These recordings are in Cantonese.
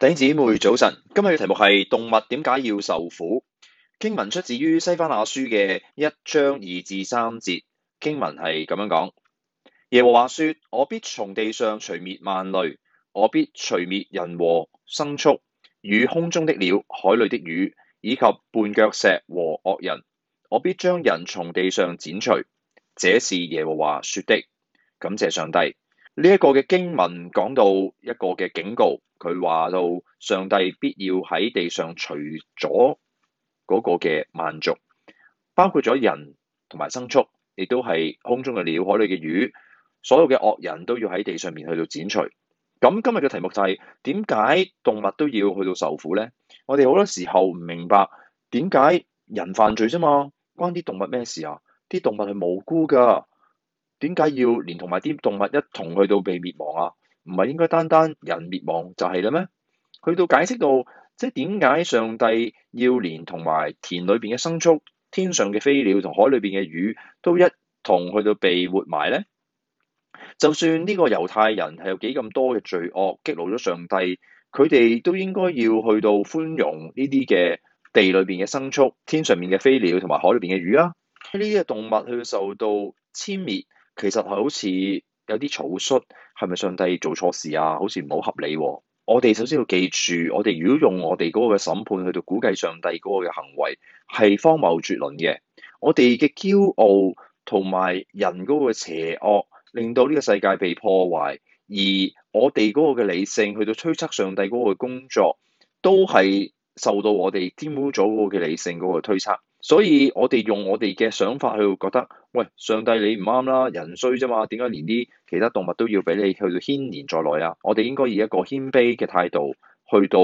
弟兄姊妹早晨，今日嘅題目係動物點解要受苦？經文出自於《西番雅書》嘅一章二至三節，經文係咁樣講：耶和華說，我必從地上除滅萬類，我必除滅人和牲畜，與空中的鳥、海裏的魚，以及絆腳石和惡人，我必將人從地上剪除。這是耶和華說的。感謝上帝。呢一個嘅經文講到一個嘅警告，佢話到上帝必要喺地上除咗嗰個嘅萬族，包括咗人同埋牲畜，亦都係空中嘅鳥、海裏嘅魚，所有嘅惡人都要喺地上面去到剪除。咁今日嘅題目就係點解動物都要去到受苦咧？我哋好多時候唔明白點解人犯罪啫嘛，關啲動物咩事啊？啲動物係無辜㗎。點解要連同埋啲動物一同去到被滅亡啊？唔係應該單單人滅亡就係啦咩？去到解釋到即係點解上帝要連同埋田裏邊嘅牲畜、天上嘅飛鳥同海裏邊嘅魚都一同去到被活埋呢？就算呢個猶太人係有幾咁多嘅罪惡激怒咗上帝，佢哋都應該要去到寬容呢啲嘅地裏邊嘅牲畜、天上面嘅飛鳥同埋海裏邊嘅魚啊？呢啲嘅動物去受到殲滅。其實係好似有啲草率，係咪上帝做錯事啊？好似唔好合理啊。我哋首先要記住，我哋如果用我哋嗰個嘅審判去到估計上帝嗰個嘅行為，係荒謬絕倫嘅。我哋嘅驕傲同埋人嗰個邪惡，令到呢個世界被破壞。而我哋嗰個嘅理性去到推測上帝嗰個工作，都係受到我哋玷污咗嗰個嘅理性嗰個推測。所以我哋用我哋嘅想法去覺得，喂，上帝你唔啱啦，人衰啫嘛，點解連啲其他動物都要俾你去到牽連在內啊？我哋應該以一個謙卑嘅態度去到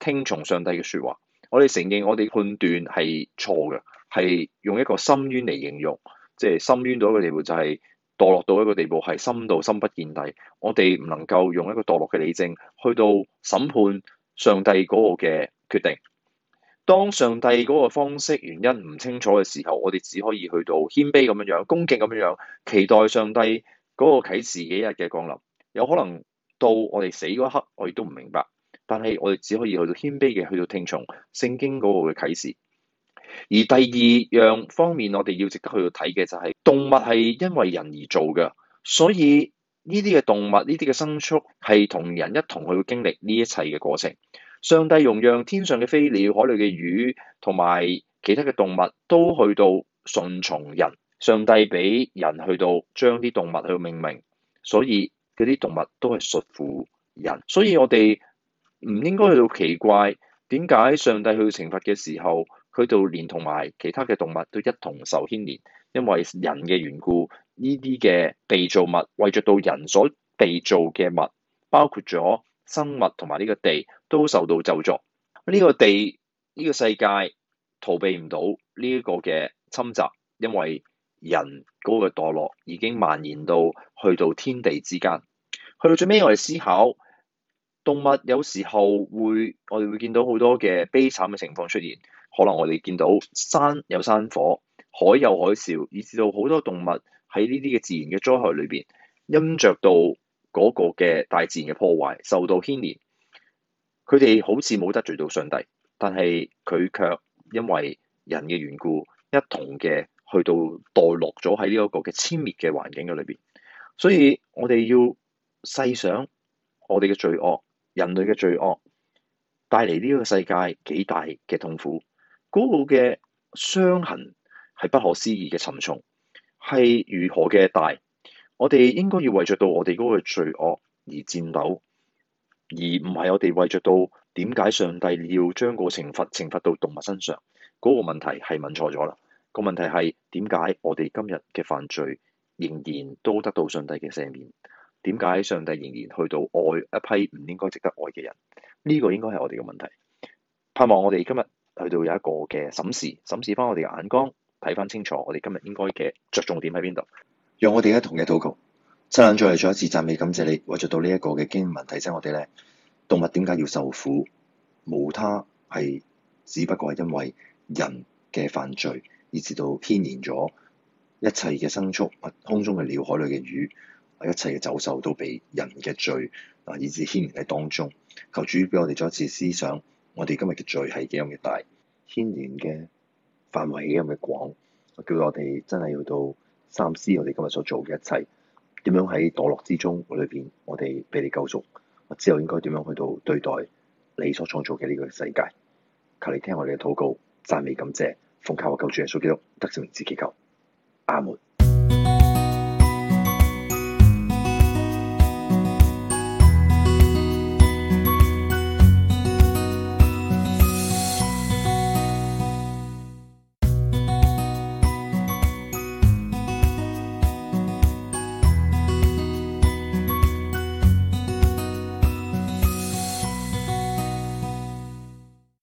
聽從上帝嘅說話。我哋承認我哋判斷係錯嘅，係用一個深淵嚟形容，即係深淵到一個地步就係墮落到一個地步係深到深不見底。我哋唔能夠用一個墮落嘅理證去到審判上帝嗰個嘅決定。當上帝嗰個方式原因唔清楚嘅時候，我哋只可以去到謙卑咁樣樣，恭敬咁樣樣，期待上帝嗰個啟示幾日嘅降臨。有可能到我哋死嗰刻，我亦都唔明白，但係我哋只可以去到謙卑嘅，去到聽從聖經嗰個嘅啟示。而第二樣方面，我哋要值得去到睇嘅就係、是、動物係因為人而做嘅，所以呢啲嘅動物呢啲嘅牲畜係同人一同去經歷呢一切嘅過程。上帝容讓天上嘅飛鳥、海裡嘅魚同埋其他嘅動物都去到順從人。上帝畀人去到將啲動物去到命名，所以嗰啲動物都係屬乎人。所以我哋唔應該去到奇怪點解上帝去到懲罰嘅時候，去到連同埋其他嘅動物都一同受牽連，因為人嘅緣故，呢啲嘅被造物為著到人所被造嘅物，包括咗。生物同埋呢個地都受到咒詛，呢、這個地呢、這個世界逃避唔到呢一個嘅侵襲，因為人嗰個墮落已經蔓延到去到天地之間。去到最尾，我哋思考動物有時候會，我哋會見到好多嘅悲慘嘅情況出現。可能我哋見到山有山火，海有海嘯，以致到好多動物喺呢啲嘅自然嘅災害裏邊，陰着到。嗰個嘅大自然嘅破壞，受到牽連。佢哋好似冇得罪到上帝，但係佢卻因為人嘅緣故一同嘅去到墮落咗喺呢一個嘅殲滅嘅環境嘅裏邊，所以我哋要細想我哋嘅罪惡，人類嘅罪惡帶嚟呢個世界幾大嘅痛苦，古老嘅傷痕係不可思議嘅沉重，係如何嘅大？我哋應該要為着到我哋嗰個罪惡而戰鬥，而唔係我哋為着到點解上帝要將個懲罰懲罰到動物身上。嗰個問題係問錯咗啦。個問題係點解我哋今日嘅犯罪仍然都得到上帝嘅赦免？點解上帝仍然去到愛一批唔應該值得愛嘅人？呢個應該係我哋嘅問題。盼望我哋今日去到有一個嘅審視，審視翻我哋嘅眼光，睇翻清楚我哋今日應該嘅着重點喺邊度。讓我哋一同嘅禱告，神啊，再嚟再一次讚美感謝你，為著到呢一個嘅經文提醒我哋咧動物點解要受苦？無他，係只不過係因為人嘅犯罪，以至到牽連咗一切嘅牲畜，空中嘅鳥、海裡嘅魚，啊一切嘅走獸都俾人嘅罪啊，以至牽連喺當中。求主俾我哋再一次思想，我哋今日嘅罪係幾咁嘅大，牽連嘅範圍係幾咁嘅廣，我叫我哋真係要到。三思，我哋今日所做嘅一切，點樣喺墮落之中裏邊，我哋被你救贖，我之後應該點樣去到對待你所創造嘅呢個世界？求你聽我哋嘅禱告，讚美感謝，奉靠我救主耶穌基督得勝名字祈求，阿門。